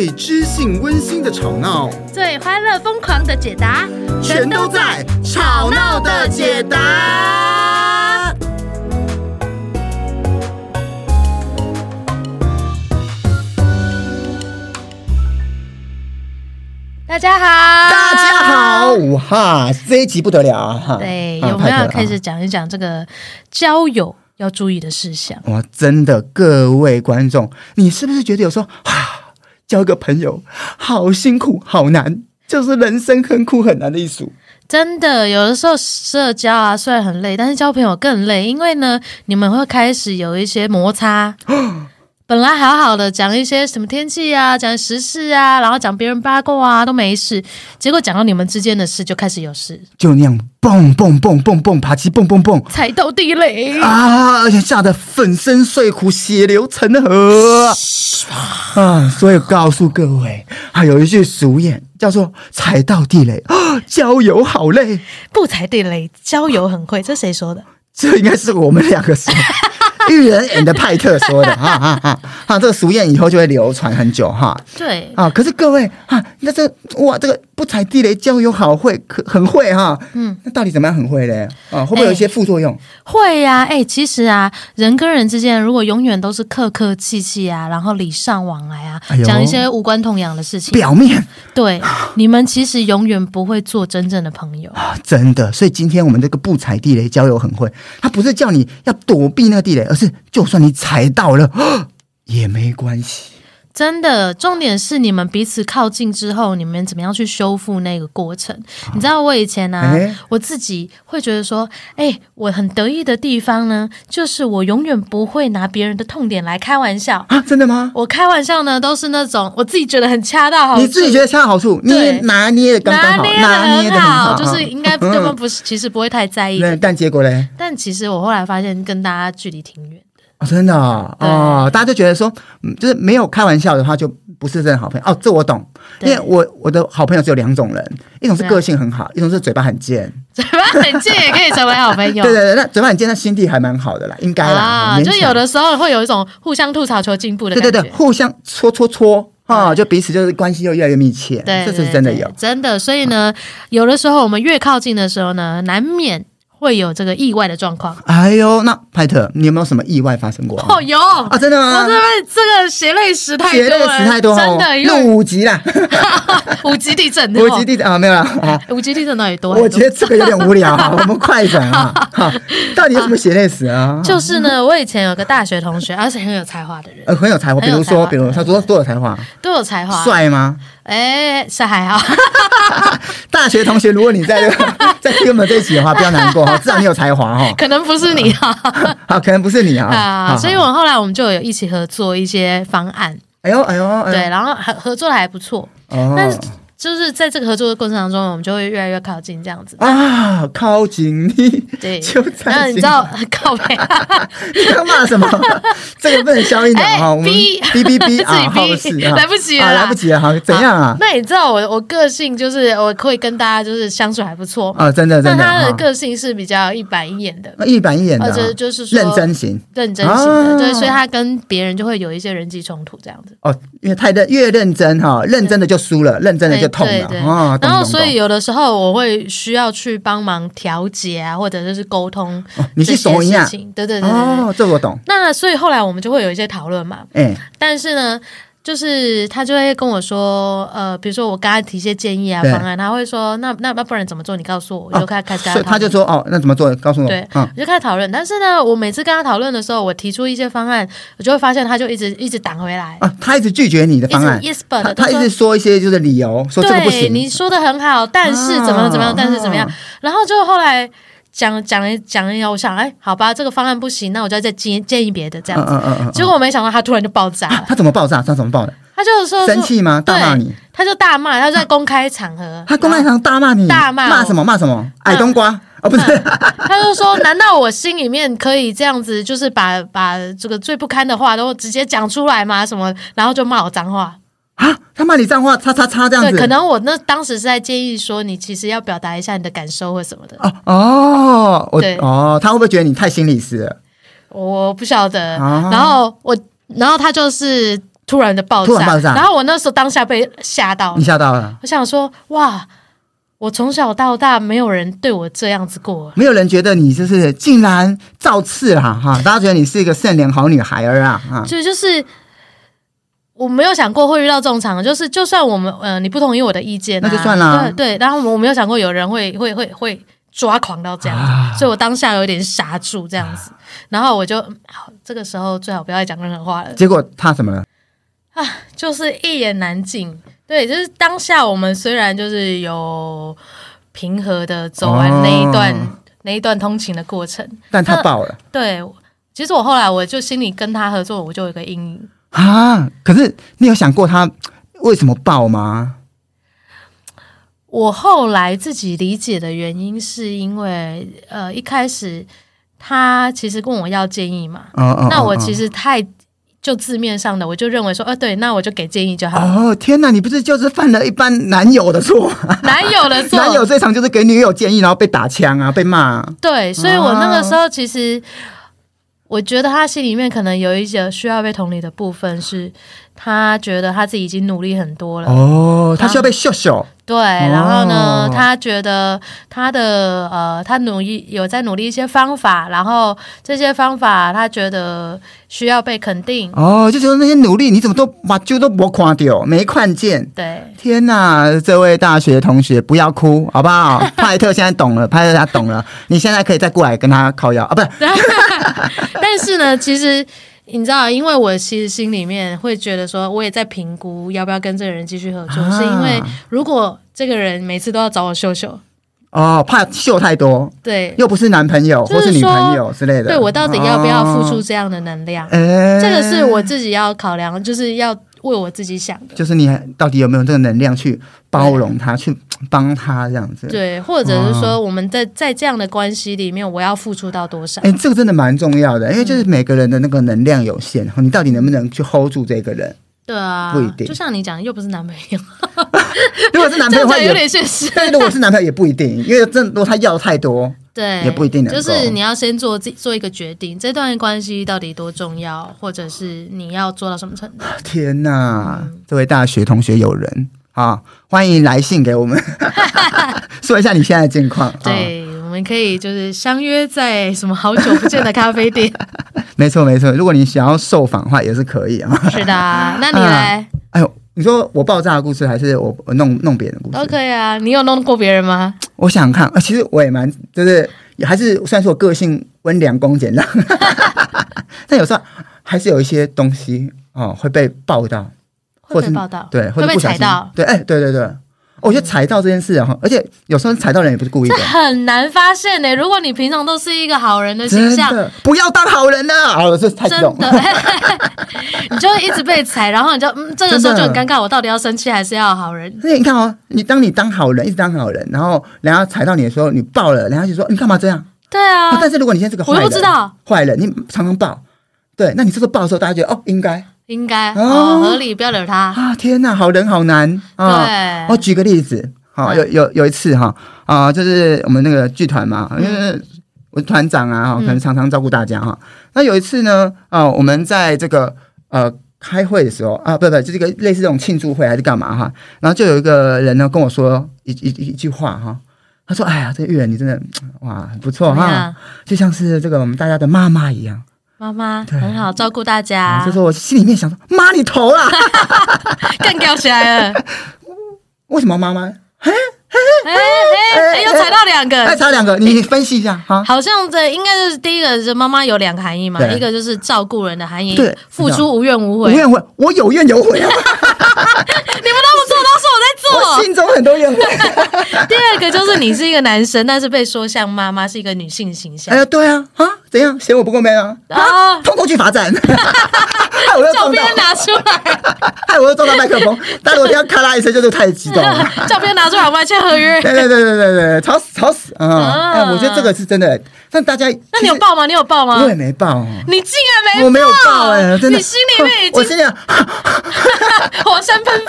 最知性溫馨的吵鬧，最歡樂瘋狂的解答，全都在《吵鬧的解答》解答。大家好，大家好，哇，這集不得了啊！對啊，有沒有要開始講一講這個交友要注意的事項，啊啊？哇，真的，各位觀眾，你是不是覺得有時候，交個朋友好辛苦，好難，就是人生很苦很難的藝術。真的，有的時候社交啊，雖然很累，但是交朋友更累，因為呢，你們會開始有一些摩擦。 本來好好的講一些什麼天氣啊，講時事啊，然後講別人八卦啊都沒事，結果講到你們之間的事就開始有事，就那樣蹦蹦蹦蹦蹦爬起蹦蹦蹦，踩到地雷啊，而且嚇得粉身碎骨，血流成河啊！所以告訴各位，還有一句俗諺叫做“踩到地雷啊，交友好累”，不踩地雷交友很會，啊、這誰說的？這應該是我們兩個說。 譽仁 and 派特說的，啊啊啊！哈，這個俗諺以後就會流傳很久，哈。對，啊，可是各位，哈，那這哇，這個。不踩地雷交友，好會，很會哈。嗯，那到底怎麼樣很會嘞？啊，會不會有一些副作用？欸、會呀、啊，哎、欸，其實啊，人跟人之間如果永遠都是客客氣氣啊，然後禮尚往來啊、哎，講一些無關痛癢的事情，表面對、啊、你們其實永遠不會做真正的朋友啊，真的。所以今天我們這個不踩地雷交友，很會，他不是叫你要躲避那個地雷，而是就算你踩到了、啊、也沒關係。真的，重點是你們彼此靠近之後，你們怎麼樣去修復那個過程？你知道我以前呢、啊欸，我自己會覺得說，哎、欸，我很得意的地方呢，就是我永遠不會拿別人的痛點來開玩笑啊！真的嗎？我開玩笑呢，都是那種我自己覺得很恰到好處，你自己覺得恰到好處，你拿捏的剛剛好，拿捏的很,很好，就是應該根本不是，其實不會太在意。但結果嘞？但其實我後來發現，跟大家距離挺遠。哦、真的啊、哦哦，大家就覺得說，就是沒有開玩笑的話，就不是真的好朋友。哦，這我懂，因為我我的好朋友只有兩種人，一種是個性很好，啊、一種是嘴巴很賤，嘴巴很賤 也可以成為好朋友。對對對，那嘴巴很賤，那心地還蠻好的啦，應該啦、啊。就有的時候會有一種互相吐槽求進步的感覺。對對對，互相搓搓搓啊，就彼此就是關係又越來越密切。對，這是真的有，對對對真的。所以呢、哦，有的時候我們越靠近的時候呢，難免。會有這個意外的狀況。哎呦，那派特，你有沒有什麼意外發生過？哦，有啊，真的嗎？我這邊這個血淚史太多了，血淚史太多了，真的錄五級啦 五級地震，五級地啊、哦、沒有了，啊、五級地震哪也多？我覺得這個有點無聊啊， 我們快轉啊！好， 到底有什麼血淚史啊，啊？就是呢，我以前有個大學同學，而且很有才華的人，呃，很有才華。比如說，比如他多多有才華？多有才華？帥嗎？哎、欸，帥還好。 大學同學，如果你在、這個、在聽我們這一集的話，不要難過。我知道你有才華哈、哦， 可能不是你哈，可能不是你哈，啊，所以我們後來我們就有一起合作一些方案，哎呦哎呦，哎呦，對，然後合合作的還不錯，哦、但是。就是在這個合作的過程當中，我們就會越來越靠近這樣子啊，靠近你對就在，然後你知道 靠北、啊、你要罵什麼？ 這個不能消音的哈，我們嗶嗶嗶來不及了、啊、來不及了哈，怎樣啊？那你知道我我個性就是我可以跟大家就是相處還不錯啊，真的真的，那他的個性是比較一板一眼的，啊、一板一眼的，或、啊、者、就是、就是說認真型，認真型的，啊、對，所以他跟別人就會有一些人際衝突這樣子、啊、這樣子哦，因為太認越認真哈、哦，認真的就輸了，認真的就。對對，然後所以有的時候我會需要去幫忙調節啊，或者就是溝通這些事情，對對對，對，哦，這我懂。那所以後來我們就會有一些討論嘛，嗯，但是呢。就是他就會跟我說，呃，比如說我剛剛提一些建議啊方案，他會說那那那不然怎麼做？你告訴我，我、啊、就開始開始。所以他就說哦，那怎麼做？告訴我。對，我、嗯、就開始討論。但是呢，我每次跟他討論的時候，我提出一些方案，我就會發現他就一直一直擋回來啊，他一直拒絕你的方案，Yes，but, 他、就是、他一直說一些就是理由，說這個不行，對你說的很好，但是怎麼樣、啊、但是怎麼樣，但是怎麼樣，啊、然後就後來。講講講一下，我想哎、欸，好吧，這個方案不行，那我就再建建議別的這樣子、嗯嗯嗯嗯。結果我沒想到他突然就爆炸了。啊、他怎麼爆炸？他怎麼爆的？他就是說，說，生氣嗎？大罵你？他就大罵，他就在公開場合，啊、他公開場大罵你，大罵罵什麼？罵什麼、嗯？矮冬瓜？啊、哦，不是，嗯嗯、他就說，難道我心裡面可以這樣子，就是把 把這個最不堪的話都直接講出來嗎？什麼？然後就罵我髒話。啊！他罵你髒話，叉叉叉這樣子。對，可能我那當時是在建議說，你其實要表達一下你的感受或什麼的。哦、啊、哦，我對哦，他會不會覺得你太心理師了？我不曉得、哦。然後我，然後他就是突然的爆炸，突然爆炸。然後我那時候當下被嚇到，你嚇到了。我想說，哇！我從小到大沒有人對我這樣子過，沒有人覺得你就是竟然造次、啊、哈，大家覺得你是一個善良好女孩兒啊！所以就，就是。我沒有想過會遇到這種場合，就是就算我們呃，你不同意我的意見、啊，那就算了對。對，然後我沒有想過有人會會會會抓狂到這樣子、啊，所以我當下有點傻住這樣子，啊、然後我就這個時候最好不要再講任何話了。結果他怎麼了？啊，就是一言難盡。對，就是當下我們雖然就是有平和的走完那一段、哦、那一段通勤的過程，但他爆了。對，其實我後來我就心裡跟他合作，我就有一個陰影。啊！可是你有想過他為什麼爆嗎？我後來自己理解的原因是因為，呃，一開始他其實問我要建議嘛。哦、那我其實太就字面上的。哦哦、我就認為說，哦、呃，對，那我就給建議就好了。哦，天哪，你不是就是犯了一般男友的錯嗎？男友的錯，男友最常就是給女友建議，然後被打槍啊，被罵、啊。對，所以我那個時候其實。哦我覺得他心裡面可能有一些需要被同理的部分，是他覺得他自己已經努力很多了哦，他需要被秀秀。對，然後呢，哦、他覺得他的呃，他努力有在努力一些方法，然後這些方法他覺得需要被肯定。哦，就覺得那些努力你怎麼都把就都不垮掉，沒看見。對，天哪，這位大學同學不要哭好不好？派特現在懂了， 派特他懂了，你現在可以再過來跟他靠腰啊，不是？ 但是呢，其實。你知道、啊，因為我其實心裡面會覺得說，我也在評估要不要跟這個人繼續合作、啊，是因為如果這個人每次都要找我秀秀，哦，怕秀太多，對，又不是男朋友、就是、或是女朋友之類的，對我到底要不要付出這樣的能量？哦欸、這個是我自己要考量，就是要。為我自己想的，就是你到底有沒有這個能量去包容他，去幫他這樣子？對，或者是說，我們在、哦，在這樣的關係裡面，我要付出到多少？哎，欸，這個真的蠻重要的，因為就是每個人的那個能量有限、嗯，你到底能不能去 hold 住這個人？對啊，不一定。就像你講的，又不是男朋友。 如果是男朋友的話也，有點現實。對，如果是男朋友也不一定，因為真的，如果他要的太多。對，也不一定。就是你要先做自己，做一個決定，這段關係到底多重要，或者是你要做到什麼程度？天哪，嗯、這位大學同學有人好、啊，歡迎來信給我們， 說一下你現在的近況、 啊。對，我們可以就是相約在什麼好久不見的咖啡店。 沒錯，沒錯。如果你想要受訪的話，也是可以啊。是的，那你來。啊、哎呦。你說我爆炸的故事，還是我我弄弄別人的故事？都可以啊。你有弄過別人嗎？我想想看，其實我也蠻就是，還是算是我個性溫良恭儉讓， 但有時候還是有一些東西哦會被爆到，或被爆到是，對，會被踩到，不小心被踩到，對，欸，對對對。哦、我覺得踩到這件事哈，而且有時候踩到人也不是故意的，這很難發現呢、欸。如果你平常都是一個好人的形象，不要當好人呢，啊，這太重了，你就一直被踩，然後你就、嗯、這個時候就很尷尬，我到底要生氣還是要好人？所以你看哦，你當你當好人，一直當好人，然後人家踩到你的時候，你爆了，人家就說你幹嘛這樣？對啊、哦，但是如果你現在是個人我不知道壞人，你常常爆，對，那你這個爆的時候，大家覺得哦，應該。應該啊、哦哦，合理，不要惹他啊！天哪，好人好難啊！對，我、哦、舉個例子，好、哦，有有有一次哈啊、哦，就是我們那個劇團嘛，因、嗯、為、就是、我團長啊，可能常常照顧大家哈、嗯哦。那有一次呢，啊、哦，我們在這個呃開會的時候啊，不對不對，就這個類似這種慶祝會還是幹嘛哈，然後就有一個人呢跟我說一一一,一句話哈、哦，他說：“哎呀，這個譽仁你真的哇很不錯哈、啊，就像是這個我們大家的媽媽一樣。”媽媽很好，照顧大家、啊。就、啊、是我心裡面想說，媽你頭啦， 更吊起來了。 為什麼媽媽？哎哎哎，又踩到兩個，再、欸、踩兩個你、欸，你分析一下。好，好像這應該是第一個，是媽媽有兩個含義嘛？一個就是照顧人的含義，對，付出無怨無悔。無怨無悔，我有怨有悔啊。啊 你們都不做，都是我在做。心中很多怨恨。 第二個就是你是一個男生，但是被說像媽媽是一個女性形象。哎唷，對啊，啊。怎樣？嫌我不夠 man 啊？Oh. 啊！通通去罰站。照 片拿出來。害， 我又撞到麥克風，但是我這樣咔啦一聲，就是太激動了。照 片拿出來，我們還簽合約。對 對對對對對，吵死吵死啊、oh. 欸！我覺得這個是真的，但大家…… Oh. 那你有報嗎？你有報嗎？我也沒報。你竟然沒報？我沒有報哎、欸，真的。你心裡面已經…… 我心裡面、啊、 火山噴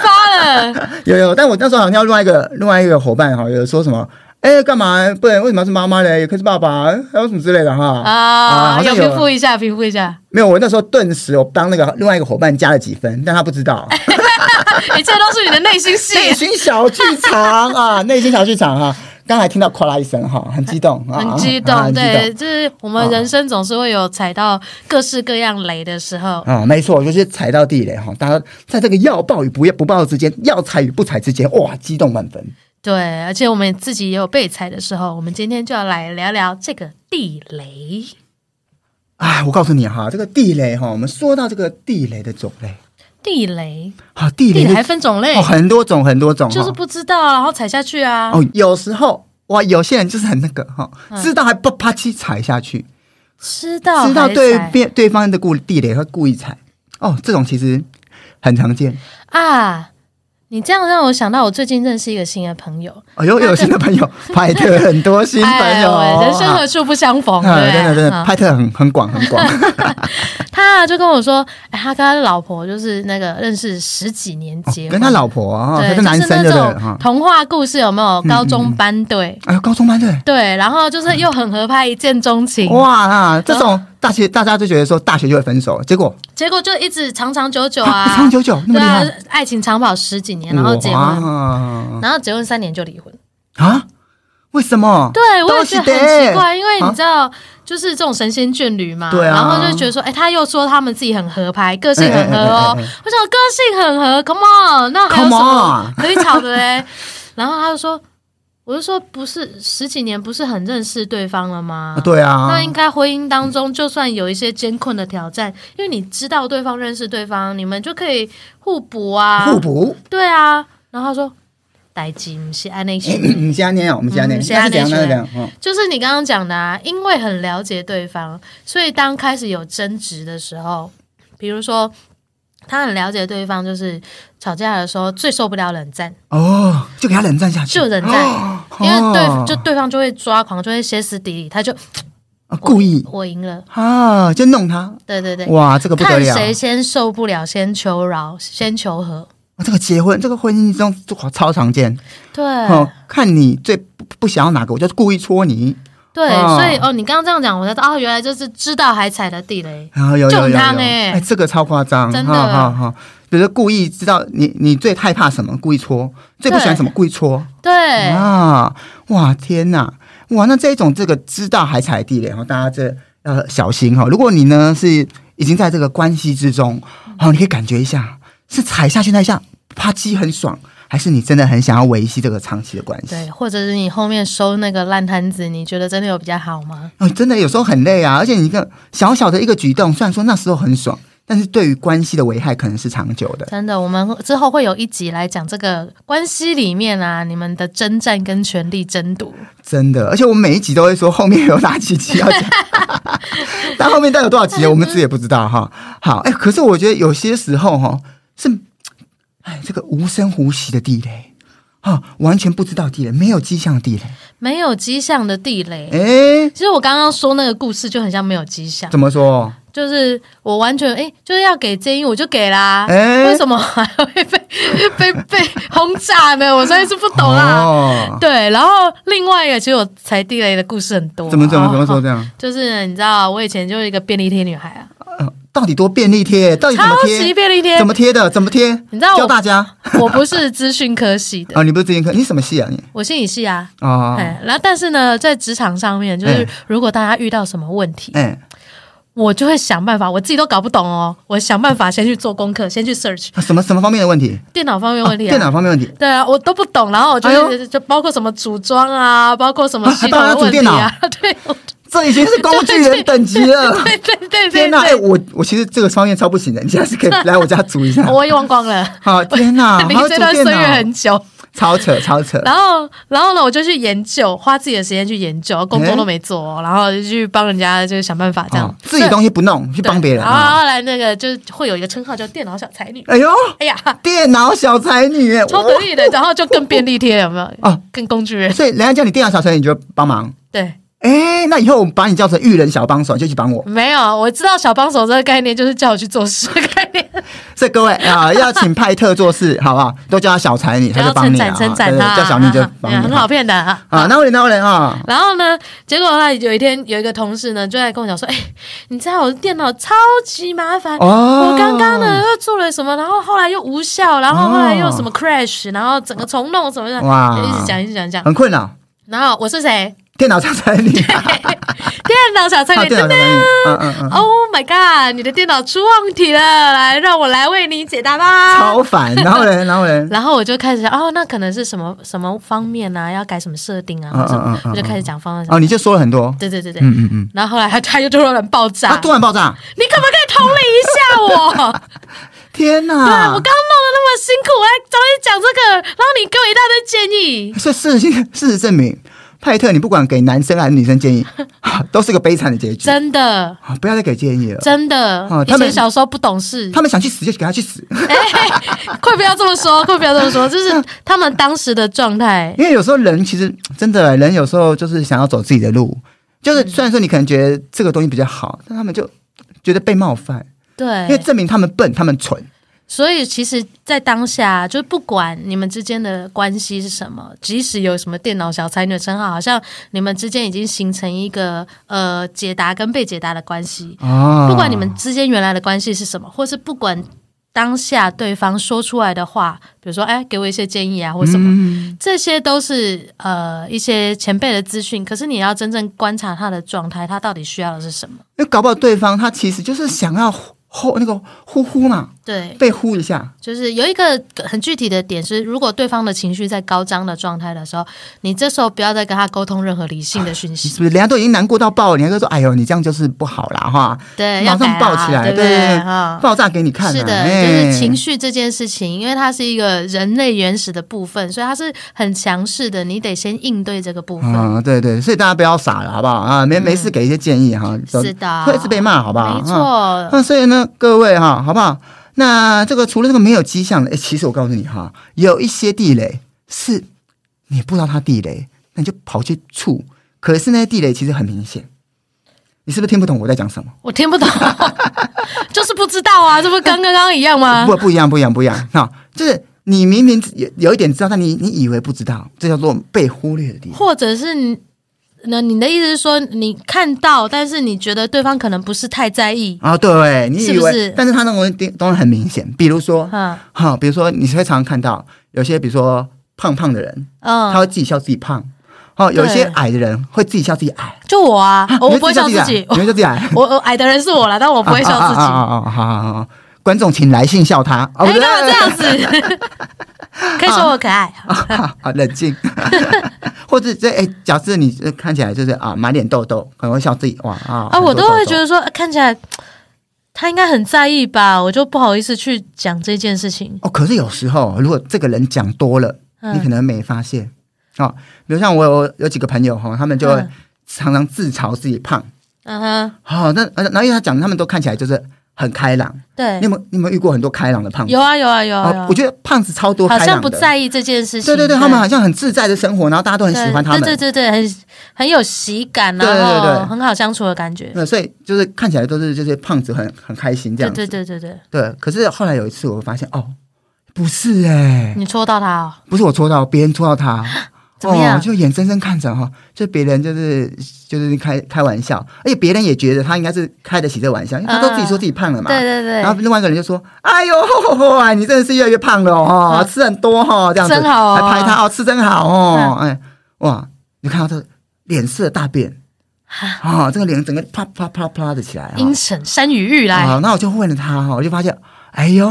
發了。有有，但我那時候好像要另外一個另外一個夥伴哈，有說什麼？哎、欸，幹嘛？不然為什麼要是媽媽嘞？可是爸爸，還有什麼之類的哈、哦？啊，要平復一下，平復一下。沒有，我那時候頓時，我幫那個另外一個夥伴加了幾分，但他不知道。一 切、 欸、都是你的內心戲。內心小劇場 啊，內心小劇場哈、啊。剛才聽到“咵啦”一聲哈，很激動，很激動、啊啊，很激動，對，就是我們人生總是會有踩到各式各樣雷的時候啊，沒錯，就是踩到地雷哈、啊。大家在這個要爆與不要不爆之間，要踩與不踩之間，哇，激動萬分。對，而且我們自己也有被踩的時候。我們今天就要來聊聊這個地雷。哎，我告訴你哈，這個地雷哈，我們說到這個地雷的種類，地雷啊，地雷還分種類、哦，很多種，很多種，就是不知道，然後踩下去啊。哦，有時候哇，有些人就是很那個哈，知道還不啪去踩下去，知、嗯、道知道對邊對方的故地雷和故意踩哦，這種其實很常見啊。你這樣讓我想到，我最近認識一個新的朋友。哎又有新的朋友， 派特很多新朋友，哎哎人生何處不相逢？啊、對、啊啊，真的真的，派特很 很廣很廣。 他就跟我說，哎、他跟他的老婆就是那個認識十幾年結婚。哦、跟他老婆啊、哦，他是男生就對了。就是、那種童話故事有沒有？高中班對哎，高中班對對、嗯哎、對，對，然後就是又很合拍，一見鍾情。嗯、哇、啊，這種。哦大學，大家都覺得說大學就會分手，結果結果就一直長長久久啊，啊長久久那麼厲害，對啊，愛情長跑十幾年，然後結婚，然後結婚三年就離婚啊？為什麼？對我也覺得很奇怪，因為你知道、啊，就是這種神仙眷侶嘛，對啊，然後就覺得說，哎、欸，他又說他們自己很合拍，個性很合哦、喔，我想說個性很合？Come on，那還有什麼可以吵的嘞？ 然後他就說。不是說，不是十幾年不是很認識對方了嗎？啊對啊，那應該婚姻當中，就算有一些艱困的挑戰，嗯，因為你知道對方認識對方，你們就可以互補啊。互補？對啊。然後他說：“代金，先，嗯，按那些，你先按念啊，我們先按念。”先講講講。就是你剛剛講的啊，因為很了解對方，哦，所以當開始有爭執的時候，比如說他很了解對方，就是吵架的時候最受不了冷戰。哦。就給他冷戰下去，就冷戰、哦，因為對，就對方就會抓狂，就會歇斯底里，他就、哦、故意我贏了啊，就弄他，對對對，哇，這個不得了，誰先受不了，先求饒，先求和，哦、這個結婚，這個婚姻中超常見，對，哦、看你最不不想要哪個，我就故意戳你，對，哦、所以哦，你剛剛這樣講，我才說哦原來就是知道還踩了地雷，有、哦、有有，哎、欸，這個超誇張，真的，好、哦。哦哦比如故意知道你，你最害怕什麼？故意戳，最不喜歡什麼？故意戳。對啊，哇天吶，哇，那這一種這個知道還踩地雷，然後大家這要、呃、小心哈、哦。如果你呢是已經在這個關係之中，哦，你可以感覺一下，是踩下去那一下啪嘰很爽，還是你真的很想要維繫這個長期的關係？對，或者是你後面收那個爛攤子，你覺得真的有比較好嗎？哦，真的有時候很累啊，而且你一個小小的一個舉動，雖然說那時候很爽。但是對於關係的危害可能是長久的，真的。我們之後會有一集來講這個關係裡面啊，你們的征戰跟權力爭奪，真的。而且我們每一集都會說後面有哪幾集要講 但後面到底有多少集，我們自己也不知道哈。 好，哎、欸，可是我覺得有些時候哈是，哎，這個無聲無息的地雷。啊、哦！完全不知道地雷，沒有跡象地雷，沒有跡象的地雷。哎、欸，其實我剛剛說那個故事就很像沒有跡象。怎麼說？就是我完全哎、欸，就是要給建議我就給啦。欸、為什麼還會被被被，被轟炸呢？我實在是不懂啦，啊哦。對，然後另外一個其實我踩地雷的故事很多。怎麼怎麼怎麼說這樣、哦、就是你知道，我以前就是一個便利貼女孩啊。到底多便利貼？到底怎麼貼？便利貼？怎麼貼的？怎麼貼？你知道我教大家，我不是資訊科系的 啊，你不是資訊科，你什麼系啊你？我信你，我心理系啊。哦，哦，哦，哦。哎，然後但是呢，在職場上面，就是如果大家遇到什麼問題，嗯、哎，我就會想辦法，我自己都搞不懂哦，我想辦法先去做功課、嗯，先去 search。啊、什麼什麼方面的問題？電腦方面問題啊，啊？電腦方面問題？對啊，我都不懂，然後我就、哎、就包括什麼組裝啊，包括什麼系統的問題啊？啊、還幫他組電腦？ 對。這已經是工具人等級了。對對對對，對，對，對天。天、欸、吶我我其實這個創業超不行的，你還是可以來我家煮一下。 我也忘光了。好，天哪！你這段歲月很久。超扯，超扯。然後，然後呢，我就去研究，花自己的時間去研究，工作都沒做，欸、然後就去幫人家，就是想辦法這樣、哦。自己東西不弄，去幫別人。啊，哦、然後來那個就是會有一個稱號叫“電腦小才女”。哎呦，哎呀，電腦小才女，超得意的、哦。然後就跟便利貼、哦、有沒有？哦、啊，跟工具人。所以人家叫你電腦小才女，你就幫忙。對。哎，那以後我們把你叫成“譽仁小幫手”，你就去幫我。沒有，我知道“小幫手”這個概念就是叫我去做事的概念。所以各位啊、呃，要請派特做事 好不好？都叫他小才女，他就幫你啊。他啊對對叫小蜜就、啊啊啊啊、很好騙的啊！啊，那我，人？啊、哪位啊？然後呢？結果他有一天有一個同事呢，就在跟我講說：“誒、欸、你知道我的電腦超級麻煩，哦、我剛剛呢又做了什麼，然後後來又無效，然後後來又有什麼 crash，、哦、然後整個重弄什麼的，哇一！一直講，一直講，講很困擾。然後我是誰？”電腦小菜你、啊，電腦小菜你真的，Oh my god！你的電腦出問題了，來讓我來為你解答吧。超煩，然後人，然後人， 然後我就開始哦，那可能是什麼什麼方面呢、啊？要改什麼設定啊？哦、什麼、哦？我就開始講方案、哦哦。哦，你就說了很多。對對對對，嗯嗯嗯。然後後來還，他就突然爆炸。他、啊、突然爆炸？你可不可以同理一下我？ 天哪！對我剛，剛弄的那麼辛苦，我還找你講這個，然後你給我一大堆建議。是以事實，事實證明。派特，你不管給男生還是女生建議，都是個悲慘的結局。真的，啊，不要再給建議了。真的，他們小時候不懂事，他們想去死就給他去死、 欸欸。快不要這麼說，快不要這麼說，就是他們當時的狀態。因為有時候人其實真的，人有時候就是想要走自己的路，就是雖然說你可能覺得這個東西比較好，但他們就覺得被冒犯，對，因為證明他們笨，他們蠢。所以，其實，在當下，就是不管你們之間的關係是什麼，即使有什麼“電腦小才女”稱號，好像你們之間已經形成一個呃解答跟被解答的關係、啊。不管你們之間原來的關係是什麼，或是不管當下對方說出來的話，比如說“哎，給我一些建議啊”或什麼，嗯、這些都是呃一些前輩的資訊。可是你要真正觀察他的狀態，他到底需要的是什麼？因為搞不好對方他其實就是想要呼那個呼呼嘛。對，被呼一下，就是有一個很具體的點是，如果對方的情緒在高漲的狀態的時候，你這時候不要再跟他溝通任何理性的訊息，是、啊、不是？人家都已經難過到爆了，你還說“哎呦，你這樣就是不好啦”哈？對，馬上爆起來，對，對，對、哦、爆炸給你看、啊。是的、哎，就是情緒這件事情，因為它是一個人類原始的部分，所以它是很強勢的，你得先應對這個部分。嗯，對對，所以大家不要傻了，好不好啊？沒沒事，給一些建議哈、嗯。是的，會一直被罵，好不好？沒錯。啊、那所以呢，各位哈，好不好？那這個除了這個沒有跡象的、欸，其實我告訴你哈，有一些地雷是你不知道它地雷，那你就跑去觸。可是那些地雷其實很明顯，你是不是聽不懂我在講什麼？我聽不懂， 就是不知道啊，這 不剛剛剛一樣嗎？不，不一樣，不一樣，不一樣。就是你明明有有一點知道，但你你以為不知道，這叫做被忽略的地雷，或者是你。那你的意思是說，你看到，但是你覺得對方可能不是太在意啊、哦？對，你以為？是不是，但是他那個東西當然很明顯，比如說，哈、嗯哦，比如說，你會常常看到有些，比如說胖胖的人，嗯，他會自己笑自己胖，哦，有一些矮的人會自己笑自己矮。就我啊，啊我不會笑自己，我不會笑自己矮，我我矮的人是我啦， 但我不會笑自己。哦、啊、哦、啊啊啊，好好好。觀眾請來信笑他。哦不，欸，為什麼這樣子？ 可以說我可愛，好，啊啊啊，冷靜， 或者這，哎、欸，假設你看起來就是啊，滿臉痘痘，可能會笑自己哇啊痘痘！啊，我都會覺得說，看起來他應該很在意吧，我就不好意思去講這件事情。哦，啊，可是有時候如果這個人講多了，你可能沒發現啊。比如像我有有幾個朋友哈，他們就常常自嘲自己胖，嗯，啊，哼，好，啊啊，那然後、啊啊、因為他講，他們都看起來就是。很開朗，對，你有沒有你有沒有遇過很多開朗的胖子？有啊有啊有啊，有啊，哦！我覺得胖子超多開朗，好像不在意這件事情。對對對，對，他們好像很自在的生活，然後大家都很喜歡他們。對對，對對對，很很有喜感，啊。然後對對對，很好相處的感覺。對對對對對。對，所以就是看起來都是這些胖子很很開心這樣子。對，對對對對對。對，可是後來有一次我發現哦，不是誒、欸、你戳到他，哦，不是我戳到，別人戳到他，哦。哦，就眼睜睜看着哈，就別人就是就是開開玩笑，而且別人也覺得他應該是開得起這玩笑，因為他都自己說自己胖了嘛、啊。對對對。然後另外一個人就說：“哎呦，你真的是越來越胖了哦，啊、吃很多哈、哦，這樣子。”真好、哦，還拍他哦，吃真好哦。啊、哎，哇！你看到他臉色大變啊、哦，這個臉整個啪啪啪啪啪啪的起來、哦，陰沉，山雨欲來。好、哦，那我就問了他哈，我就發現，哎呦，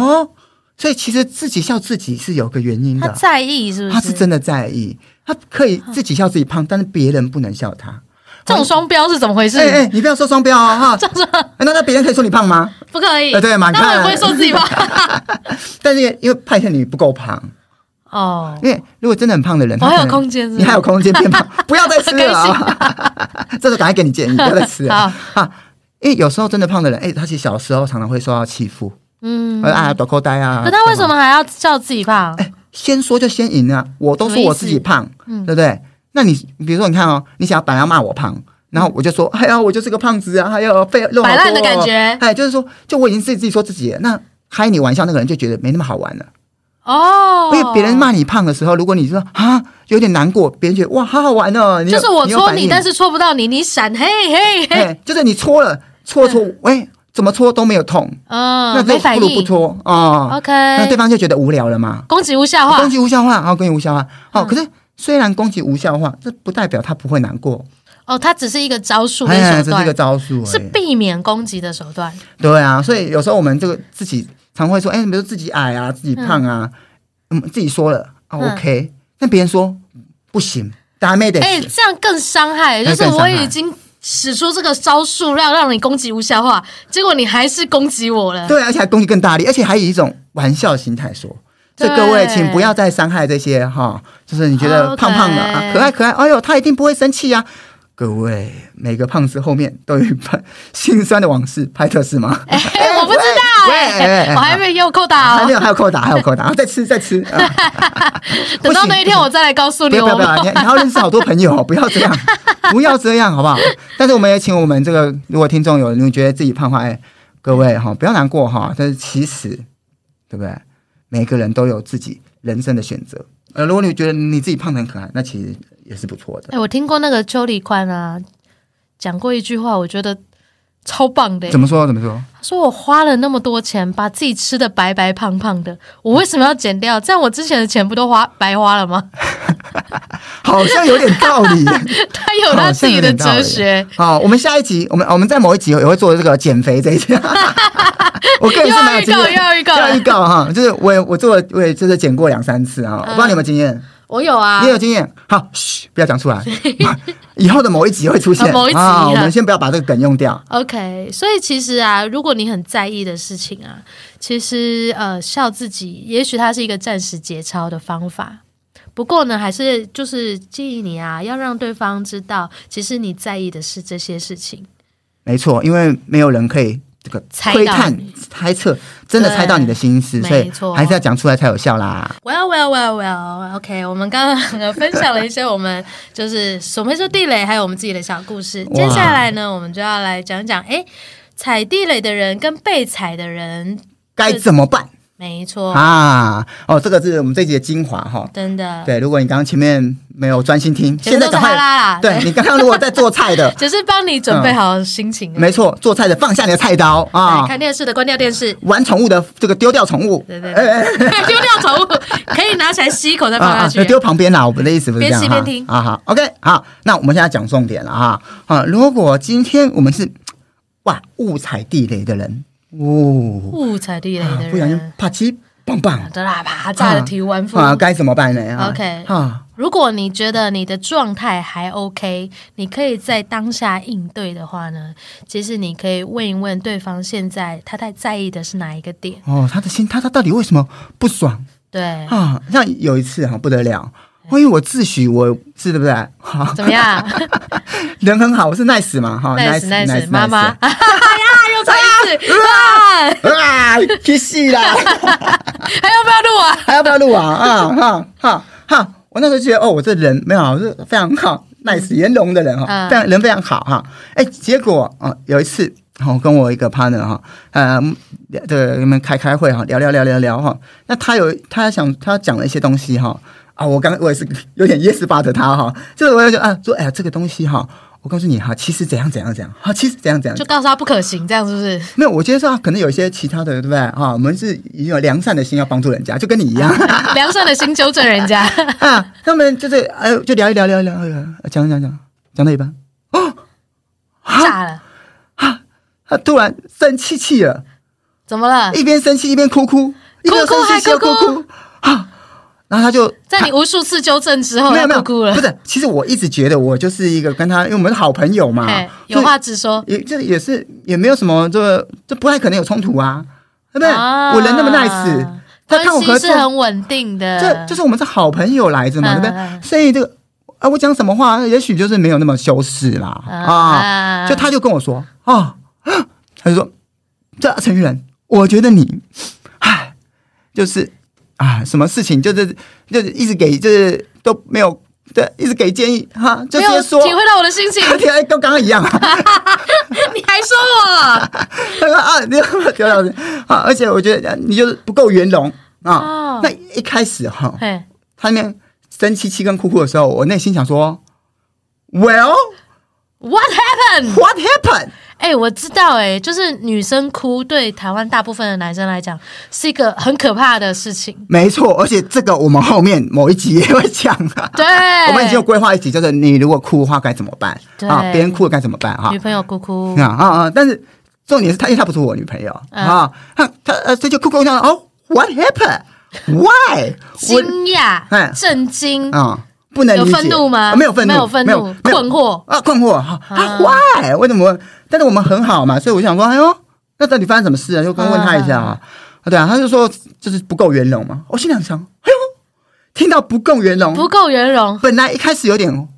所以其實自己笑自己是有個原因的，他在意是不是？他是真的在意。他可以自己笑自己胖，但是別人不能笑他。這種雙標是怎麼回事？哎、欸、哎、欸，你不要說雙標、哦、 啊哈！那那別人可以說你胖嗎？不可以。啊、對，嘛，你看，那我不會說自己胖。 但是因為派遣你不夠胖哦。Oh, 因為如果真的很胖的人，他我還有空間是不是，你還有空間變胖，不要再吃了、哦 心啊、 這這是打給你建議，不要再吃了 啊因為有時候真的胖的人，哎、欸，他其實小時候常常會受到欺負，嗯，嗯，啊，多口袋啊。可他為什麼還要笑自己胖？欸先說就先贏啊！我都說我自己胖，對不對？嗯、那你比如說，你看哦，你想要把他罵我胖，然後我就說：“嗯、哎呀，我就是個胖子啊！”還有被露好、哦、爛的感覺，哎，就是說，就我已經自己，自己說自己，那開你玩笑那個人就覺得沒那麼好玩了哦。因為別人罵你胖的時候，如果你說啊有點難過，別人覺得哇好好玩哦。就是我戳你，你但是戳不到你，你閃嘿嘿嘿，嘿、哎。就是你戳了戳戳喂。嗯欸怎麼搓都沒有痛啊、哦，那不如不搓啊、哦。OK，那對方就覺得無聊了嘛。攻擊無效化，攻擊無效化，然後、哦、攻擊無效化。好、嗯哦，可是雖然攻擊無效化，這不代表他不會難過哦。他只是一個招數，一個手一個招數是避免攻擊的手段。對啊，所以有時候我們這個自己常會說，哎，比如自己矮啊，自己胖啊，嗯，嗯自己說了、哦嗯、OK，但別人說不行，打咩的？哎，這樣更傷害，就是我已經。使出這個招數讓，讓讓你攻擊無效化，結果你還是攻擊我了。對，而且還攻擊更大力，而且還以一種玩笑心態說：“這各位，請不要再傷害這些哈、哦，就是你覺得胖胖的啊、okay、啊，可愛可愛。哎呦，他一定不會生氣呀、啊。”各位，每個胖子後面都有拍心酸的往事，派特是嗎、欸欸？我不是。哎，我、欸欸欸欸啊、還沒有扣打哦， 還沒有，還有扣打，還有扣打，然後再吃，再吃。啊、 等到那一天，我再來告訴你有有不要。不要不要，你你要認識好多朋友，不要這樣，不要這樣，好不好？ 但是我們也請我們這個，如果聽眾有，你覺得自己胖的話，哎、欸，各位哈、哦，不要難過哈。但是其實，對不對？每個人都有自己人生的選擇。呃，如果你覺得你自己胖的很可愛，那其實也是不錯的。哎、欸，我聽過那個邱黎寬啊，講過一句話，我覺得。超棒的，欸！怎麼說？怎麼說？他說：“我花了那麼多錢，把自己吃的白白胖胖的，我為什麼要減掉？這樣我之前的錢不都花白花了嗎？ 好 他他？”好像有點道理，他有他自己的哲學。好，我們下一集，我們我們在某一集也會做這個減肥這一集。 我個人是蠻有經驗，要預告，要預告，要預告哈，就是我也我做了我也就是減過兩三次哈啊，我不知道你有沒有經驗。我有啊，你有經驗。好，噓，不要講出來。 以後的某一集會出現。 哦、某一集、啊，我們先不要把這個梗用掉。OK，所以其實啊，如果你很在意的事情啊，其實呃笑自己，也許它是一個暫時解套的方法。不過呢，還是就是建議你啊，要讓對方知道，其實你在意的是這些事情。沒錯，因為沒有人可以。這個窺探、猜測，真的猜到你的心思，所以還是要講出來才有效啦。Well, well, well, well. OK，我們剛剛分享了一些我們就是所謂說地雷，還有我們自己的小故事。 接下來呢，我們就要來講講，哎，踩地雷的人跟被踩的人該怎麼辦？沒錯啊，哦，這個是我們這集的精華哈、哦。真的，對，如果你剛剛前面沒有專心聽，現在怎麼趕啦，對，對你剛剛如果在做菜的， 只是幫你準備好心情。嗯、沒錯，做菜的放下你的菜刀啊！看電視的關掉電視，玩寵物的這個丟掉寵物。對對，對，對、哎，丟掉寵物 可以拿起來吸一口再放下去，啊啊丟旁邊啦。我們的意思不是這樣。邊吸邊聽，啊、好好，OK，好，那我們現在講重點了哈啊，如果今天我們是哇誤踩地雷的人。哦，嗚、哦，踩地雷的人，啊、不想啪嘰，棒棒，啦，啪，炸得體無啊，完膚、啊，該、啊、怎麼辦呢？OK，哈、啊，如果你覺得你的狀態還 OK，你可以在當下應對的話呢，其實你可以問一問對方，現在他太在意的是哪一個點？哦，他的心，他他到底為什麼不爽？對，啊，像有一次哈、啊，不得了，因為我自詡我是對不對？好，怎麼樣？ 人很好，我是 nice 嘛，哈 NICE NICE, NICE, NICE,，nice nice 媽媽。 哇哇，氣死啦！ 還要不要錄啊？還要不要錄啊， 啊？啊哈哈哈！我那時候覺得，哦，我這人沒有，是非常好，nice 圓、嗯、融的人哈，非常、嗯、人非常好哈。哎、啊欸，結果啊，有一次，我、啊、跟我一個 partner 哈、啊，呃、嗯，這個你們開開會哈、啊，聊聊聊聊聊哈、啊，那他有他想他講了一些東西哈，啊，我剛我也是有點 yes 巴着他哈，就、啊、是我就覺得，啊說，哎、欸、呀，這個東西哈。我告訴你哈，其實怎樣怎樣怎樣哈，其實怎樣怎樣，就告訴他不可行，這樣是不是？沒有，我覺得說啊，可能有一些其他的，對不對哈。我們是有良善的心要幫助人家，就跟你一樣，嗯、 良善的心糾正人家啊。他們就是哎、呃，就聊一聊，聊一聊，講一講一講，講到一半，哦，咋了？啊，他、啊、突然生氣氣了，怎麼了？一邊生氣一邊哭哭，一邊哭哭還哭哭啊！哭哭然後他就在你無數次糾正之後，哦、沒有沒有哭哭了，不是，其實我一直覺得我就是一個跟他，因為我們是好朋友嘛，有話直說，也這也是也沒有什麼，這這不太可能有衝突啊，對不對？啊、我人那麼 nice，他看我關係是很穩定的，這這、就是我們是好朋友來着嘛，啊、對不對？所以這個啊，我講什麼話，也許就是沒有那麼修飾啦啊，啊，就他就跟我說啊，他就說，這陳譽仁，我覺得你，唉，就是。啊，什麼事情？就是，就是一直給，就是都沒有，對，一直給建議哈，就直接說體會到我的心情，哎， 都剛剛一樣、啊， 你還說我，他說啊，你劉老師好而且我覺得你就是不夠圓融啊。Oh. 那一,一開始哈，hey. 他那邊生氣氣跟哭哭的時候，我內心想說，Well，what happened？What happened？What happened? 哎、欸，我知道、欸，哎，就是女生哭對台灣大部分的男生來講，是一個很可怕的事情。沒錯，而且這個我們後面某一集也會講、啊。對，我們已經有規劃一集，就是你如果哭的話該怎麼辦？啊、哦，別人哭了該怎麼辦？哈、哦，女朋友哭哭啊啊啊！但是重點是，她因為她不是我女朋友啊，她她呃就哭哭叫了哦，What happened? Why？驚訝，震驚啊！不能理解，有憤怒嗎？哦、沒有憤怒，沒有憤怒沒有沒有，困惑啊，困惑。他、啊、壞，為、啊、什麼？但是我們很好嘛，所以我想說，哎呦，那到底發生什麼事啊？就剛問他一下啊，啊啊對啊，他就說就是不夠圓融嘛。我心裡想哎呦，聽到不夠圓融，不夠圓融，本來一開始有點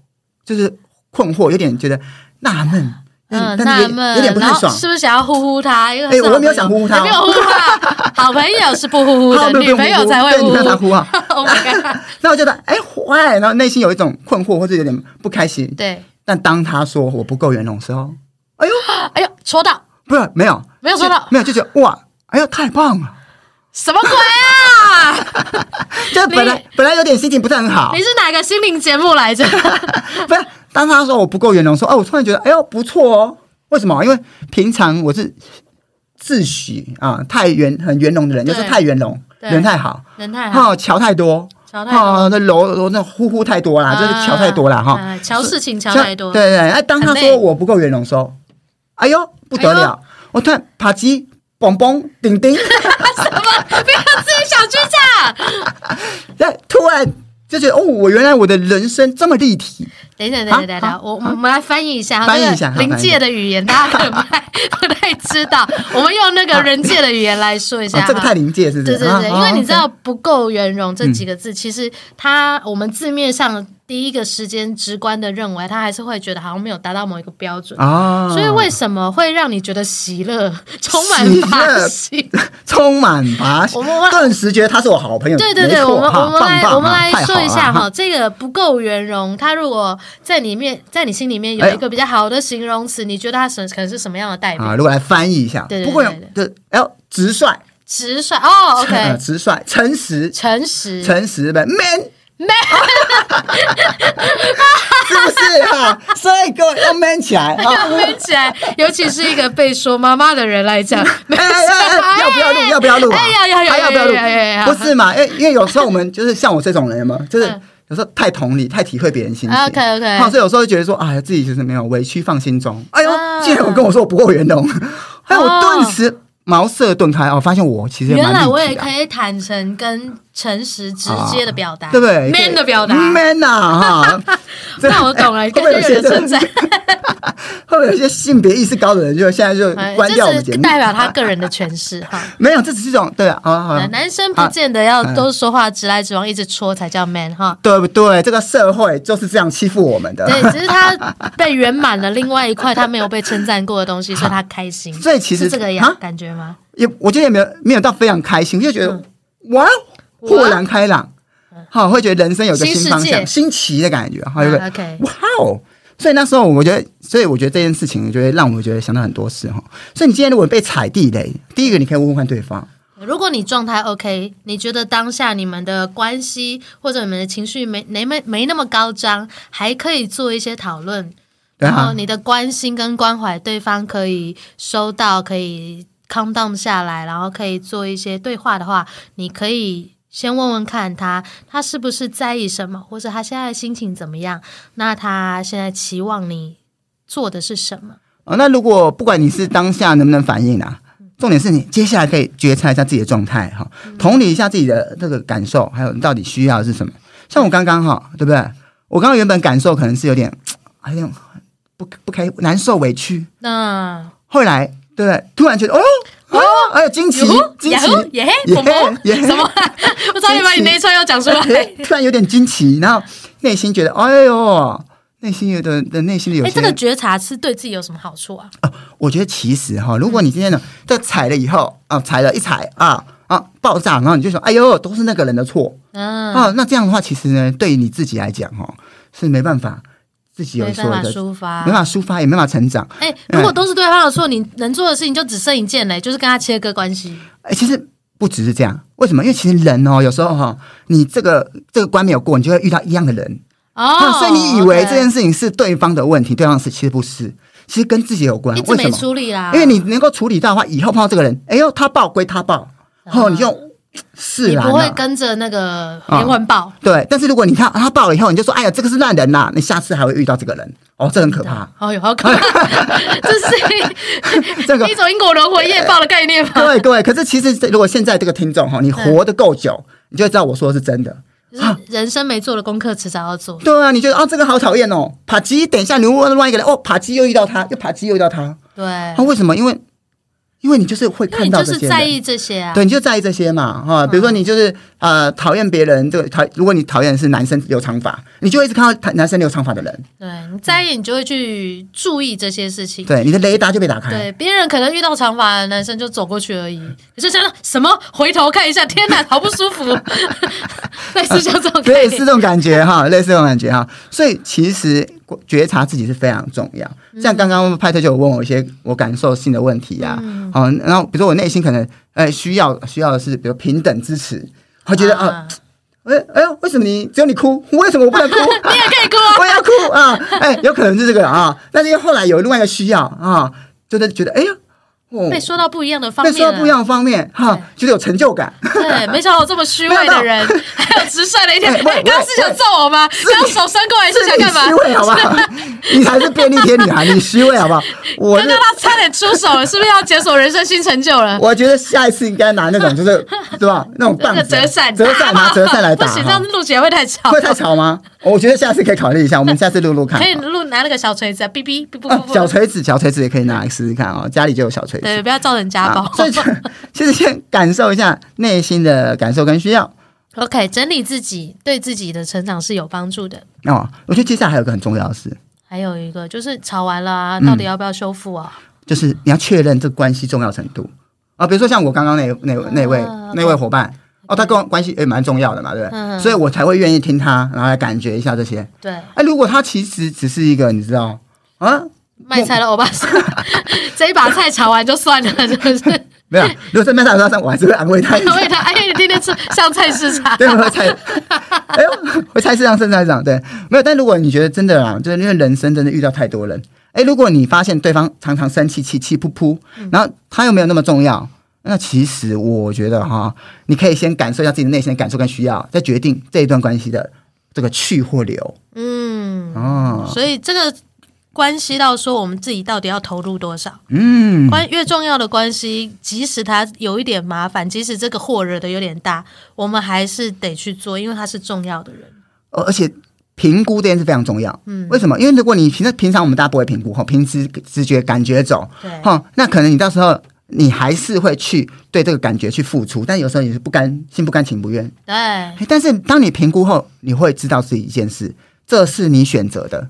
就是困惑，有點覺得納悶。嗯，他們、嗯嗯。有點不太爽，是不是想要呼呼他？哎、欸，我沒有想呼呼他、哦，沒有呼，呼 好朋友是不呼呼的，女朋友才會呼呼。那、啊 oh、my God 我覺得，哎、欸，壞，然後內心有一種困惑，或者有點不開心。對。但當他說我不夠圓融的時候，哎呦，哎呦，戳到！不是沒有，沒有戳到，沒有，就覺得哇，哎呦，太棒了，什麼鬼？啊？ 啊！ 就本來本來有點心情不是很好。你是哪個心靈節目來着？ 不是，當他說我不夠圓融說，說、啊、哦，我突然覺得哎呦不錯哦。為什麼？因為平常我是自詡啊太圓很圓融的人，就是太圓融人太好人太好，橋太多橋太好。那樓樓那呼呼太多啦，就是橋太多啦。哈。橋事情橋太多，對對。哎、啊，當他說我不夠圓融的時候，哎呦不得了，哎、我突然啪嘰。爬嘣嘣，叮叮， 什麼？不要自己小劇場。來， 突然就覺得哦，我原來我的人生這麼立體。等一下，等一下，等一下，啊、我、啊、我們來翻譯一下，翻譯一下靈、這個、界的語言，啊、大家可能不太不太知道、啊。我們用那個人界的語言來說一下，啊、這個太靈界是不是？對對對、啊，因為你知道不夠圓融這幾個字，、嗯，其實它我們字面上。第一個時間，直觀的認為他還是會覺得好像沒有達到某一個標準啊，所以為什麼會讓你覺得喜樂充滿霸氣？充滿霸氣，我們頓時覺得他是我好朋友。對對對，我們我們來棒棒、啊、我們來說一下、啊、哈，這個不夠圓融。他如果在裡面、啊，在你心裡面有一個比較好的形容詞，你覺得他可能是什麼，可能是什麼樣的代表？啊、如果來翻譯一下，對對對對不夠圓融的，哎呦，直率，直率哦，OK、呃、直率，誠實，誠實，誠實的，man。man， 是不是啊？所以各位要 man 起來，要 man 起來，尤其是一個被說媽媽的人來講，沒要不要錄？要不要錄？哎呀呀要還要不要錄、啊欸啊欸欸欸欸？不是嘛？因、欸、為因為有時候我們就是像我這種人嘛，就是有時候太同理、 太體會別人心情。OK OK，好，所以有時候覺得說，哎呀，自己其實沒有委屈放心中。哎呦，既、啊、然我跟我說我不夠圓通，哎，我頓時茅塞頓開，我發現我其實原來我也可以坦誠跟。誠實、直接的表達，對不對？Man 的表達，Man、嗯嗯、啊，哈，那我懂了，一個人的稱讚。後面有，、就是有，就是、有些性別意識高的人就， 就現在就關掉了。是代表他個人的詮釋哈，沒有，這只是一種對啊啊，男生不見得要都說話直來直往、啊，一直戳才叫 Man 哈，對不對？這個社會就是這樣欺負我們的。對，只是他被圓滿了 另外一塊他沒有被稱讚過的東西，所以他開心。所以其實是這個樣感覺嗎？也我覺得也沒有沒有到非常開心，就覺得、嗯、哇。豁然開朗，好，哦，會覺得人生有個新方向，新，新奇的感覺，好，OK，哇哦！所以那時候我覺得，所以我覺得這件事情，就會讓我們覺得想到很多事哈，哦。所以你今天如果被踩地雷，第一個你可以問一問對方，如果你狀態 OK，你覺得當下你們的關係或者你們的情緒沒沒沒沒那麼高漲，還可以做一些討論，然後你的關心跟關懷對方可以收到，可以 calm down 下來，然後可以做一些對話的話，你可以。先問問看他，他是不是在意什麼，或者他現在的心情怎麼樣？那他現在期望你做的是什麼？哦，那如果不管你是當下能不能反應啊，重點是你接下來可以覺察一下自己的狀態哈，同理一下自己的這個感受，還有你到底需要的是什麼？像我剛剛哈、哦，對不對？我剛剛原本感受可能是有點，有點不不開難受委屈，那後來對不對？突然覺得哦。哦，還有驚奇，驚奇，耶，恐怖，什麼？我差點把你那一串要講出來，突然有點驚奇，然後內心覺得，哎呦，內心有的的內心裡有、欸。這個覺察是對自己有什麼好處啊？啊我覺得其實哈，如果你今天呢，在踩了以後，啊，踩了一踩，啊啊，爆炸，然後你就說哎呦，都是那個人的錯、嗯，啊，那這樣的話，其實呢，對於你自己來講，哈，是沒辦法。自己有說的，沒，法抒，發沒法抒發，也沒法成長。哎、欸，如果都是對方的錯，你能做的事情就只剩一件嘞，就是跟他切割關係。哎、欸，其實不只是這樣，為什麼？因為其實人哦，有時候哈、哦，你這個這個關沒有過，你就會遇到一樣的人哦、啊。所以你以為這件事情是對方的問題、哦 okay，對方是，其實不是，其實跟自己有關。你怎麼沒處理啦？因為你能夠處理到的話，以後碰到這個人，哎呦，他報歸他報，然後、哦、你就。是啦、啊，不會跟着那個連環報、哦、對，但是如果你看他報了以後，你就說哎呀，這個是爛人吶、啊，你下次還會遇到這個人哦，這很可怕哦，有好可怕， 這是這個一種因果輪回業報的概念嗎？對，對。可是其實如果現在這個聽眾哈，你活得夠久，你就會知道我說的是真的。就是，人生沒做的功課，遲早要做、啊。對啊，你覺得啊、哦，這個好討厭哦，啪基，等一下你問另外一個人哦，啪基又遇到他，又啪基又遇到他，對，他、哦、為什麼？因為。因為你就是會看到這些，在意這些啊，對，你就在意這些嘛，哈、嗯，比如說你就是呃討厭別人這個，討如果你討厭的是男生留長髮，你就會一直看到男生留長髮的人。對你在意，你就會去注意這些事情，對，你的雷達就被打開。對，別人可能遇到長髮的男生就走過去而已，你就想到什麼？回頭看一下，天哪，好不舒服。 類似這種、呃，對，是這種感覺哈， 類似這種感覺哈，所以其實覺察自己是非常重要。像剛剛派特就有問我一些我感受性的問題呀、啊嗯，嗯，然後比如說我內心可能哎、欸、需要需要的是比如平等支持，他覺得啊，哎哎、欸欸、為什麼你只有你哭，為什麼我不能哭？ 啊、你也可以哭，我也要哭啊，哎、欸、有可能是這個啊，但是又後來有另外一個需要啊，就是覺得哎呀。欸被說到不一樣的方面，被說到不一樣的方面，哈，就是有成就感。對，沒想到我這麼虛偽的人，還有直率的一天。你、欸、是想揍我嗎？是用手伸過來是想幹嘛？虛偽好不好？你才是便利貼女孩，你虛偽好不好？我看到他差點出手了， 是不是要解鎖人生新成就了？我覺得下一次應該拿那種，就是對 吧？那種棒、那個、折扇，折扇拿折扇來打，不行，這樣錄起來會太吵。會太吵嗎？ 我覺得下次可以考慮一下，我們下次錄錄看。可以錄拿那個小錘子、啊呃、子，嗶嗶嗶不小錘子小錘子也可以拿來試試看啊、哦，家裡就有小錘子。對，不要造成家暴。啊、所以就，其實先感受一下內心的感受跟需要。OK，整理自己對自己的成長是有幫助的。哦，我覺得接下來還有個很重要的事。還有一個就是吵完了，啊嗯，到底要不要修復啊？就是你要確認這關係重要程度啊。比如說像我剛剛那那那位，啊 okay. 那位夥伴哦，他跟我關係也蠻重要的嘛，對不對、嗯？所以我才會願意聽他，然後來感覺一下這些。對。哎、啊，如果他其實只是一個，你知道啊？賣菜的，歐巴桑這一把菜炒完就算了，真的是 沒有。如果在賣菜歐巴桑，我還是會安慰他，安慰他。哎，呀，你天天吃像菜市場，對，我猜，哎呦，我菜市場上菜市場，對，沒有。但如果你覺得真的啊，就是因為人生真的遇到太多人，哎，如果你發現對方常常生氣，氣、氣氣噗噗，然後他又沒有那麼重要，那其實我覺得哈，你可以先感受一下自己的內心的感受跟需要，再決定這一段關係的這個去或留。嗯，哦，所以這個。關係到說我們自己到底要投入多少，嗯，關越重要的關係，即使他有一點麻煩，即使這個禍惹得有點大，我們還是得去做，因為他是重要的人。哦、而且評估這件事非常重要，嗯，為什麼？因為如果你平平常我們大家不會評估，哈、哦，憑直直覺感覺走，對，哈、哦，那可能你到時候你還是會去對這個感覺去付出，但有時候你是不甘心、不甘情不願，對、欸。但是當你評估後，你會知道是一件事，這是你選擇的。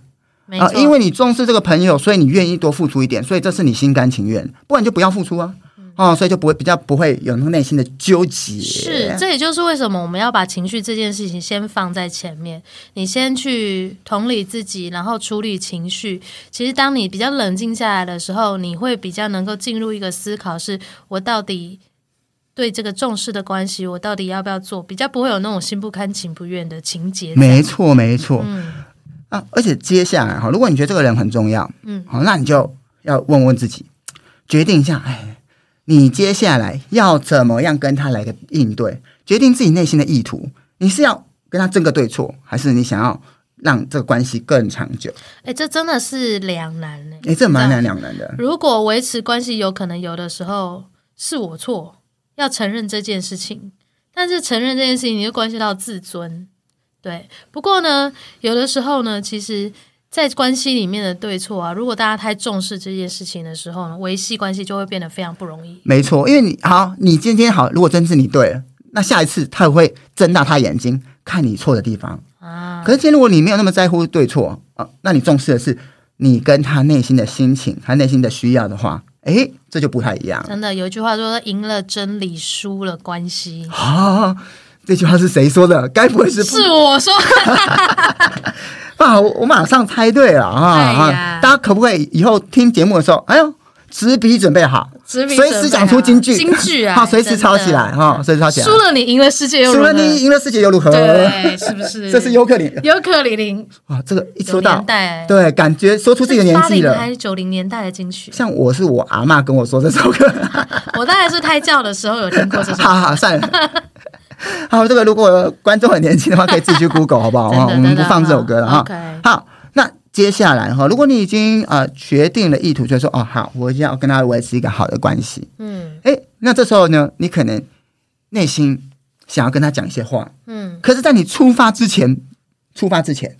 啊、呃，因為你重視這個朋友，所以你願意多付出一點，所以這是你心甘情願，不然就不要付出啊！哦、嗯嗯，所以就不會比較不會有那個內心的糾結。是，這也就是為什麼我們要把情緒這件事情先放在前面，你先去同理自己，然後處理情緒。其實當你比較冷靜下來的時候，你會比較能夠進入一個思考是：是我到底對這個重視的關係，我到底要不要做？比較不會有那種心不甘情不願的情節。沒錯，沒錯。嗯嗯啊，而且接下來哈，如果你覺得這個人很重要，嗯，好，那你就要問問自己，嗯、決定一下，哎，你接下來要怎麼樣跟他來個應對？決定自己內心的意圖，你是要跟他爭個對錯，還是你想要讓這個關係更長久？哎、欸，這真的是兩難哎、欸欸，這蠻難兩難的。如果維持關係，有可能有的時候是我錯，要承認這件事情，但是承認這件事情，你就關係到自尊。對，不過呢，有的時候呢，其實在關係裡面的對錯啊，如果大家太重視這件事情的時候呢，維繫關係就會變得非常不容易。沒錯，因為你好，你今天好，如果真是你對了，那下一次他也會睜大他眼睛看你錯的地方啊。可是，今天如果，你沒有那麼在乎對錯啊，那你重視的是你跟他內心的心情，他內心的需要的話，哎，這就不太一樣。真的有一句話說，贏了真理，輸了關係。啊這句話是誰說的？該不會是是我說的？ 啊我，我馬上猜對了啊、哎！大家可不可以以後聽節目的時候，哎呦，紙筆準備好，紙筆準備好隨時講出金句，金句啊！好，隨時抄起來，哈、哦，隨時抄起來。輸了你贏了世界又，輸了你贏了世界又如何？對，是不是？這是優客、優客李林啊！這個一說到、欸、對，感覺說出這個年紀了，八零還是九零年代的金曲。像我是我阿媽跟我說這首歌，我大概是胎教的時候有聽過這首歌。好好，算了。好，這個如果觀眾很年輕的話，可以自己去 Google，好不好？我 們、哦嗯、不放這首歌了哈。好、 okay. 哦，那接下來哈，如果你已經呃決定了意圖，就是、說哦好，我要跟他維持一個好的關係。嗯，哎，那這時候呢，你可能內心想要跟他講一些話。嗯，可是，在你出發之前，出發之前，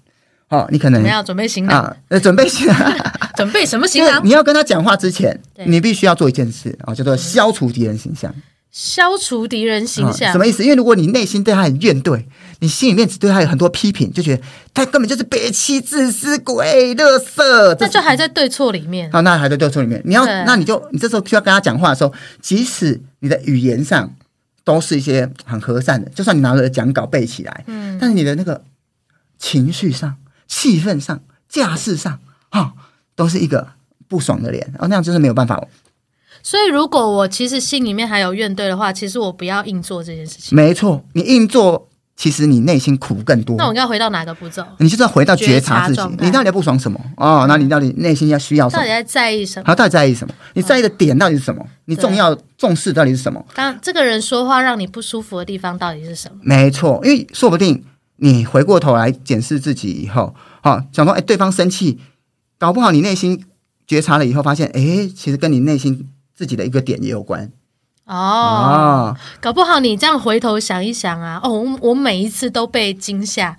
哦，你可能要準備行囊，呃，準備行囊， 準備什麼行囊？你要跟他講話之前，你必須要做一件事啊，叫、哦、做、就是、消除敵人形象。嗯嗯消除敵人形象。哦，什麼意思？因為如果你內心對他很怨懟，你心裡面只對他有很多批評，就覺得他根本就是憋氣、自私、鬼、樂色。那就還在對錯裡面。好，哦，那還在對錯裡面。你要，那你就，你這時候就要跟他講話的時候，即使你的語言上都是一些很和善的，就算你拿着講稿背起來，嗯，但是你的那個情緒上、氣氛上、架勢上，哈，哦，都是一個不爽的臉，哦，那樣就是沒有辦法所以，如果我其實心裡面還有怨懟的話，其實我不要硬做這件事情。沒錯，你硬做，其實你內心苦更多。那我應該回到哪個步驟？你就是要回到覺察自己，你到底在不爽什麼哦，那、嗯、你到底內心要需要什麼？到底在在意什麼好？到底在意什麼？你在意的點到底是什麼？哦、你重要重視到底是什麼？當這個人說話讓你不舒服的地方到底是什麼？沒錯，因為說不定你回過頭來檢視自己以後，好、哦，想說，哎，對方生氣，搞不好你內心覺察了以後，發現，哎，其實跟你內心。自己的一個點也有關哦，哦，搞不好你這樣回頭想一想啊，哦，我每一次都被驚嚇，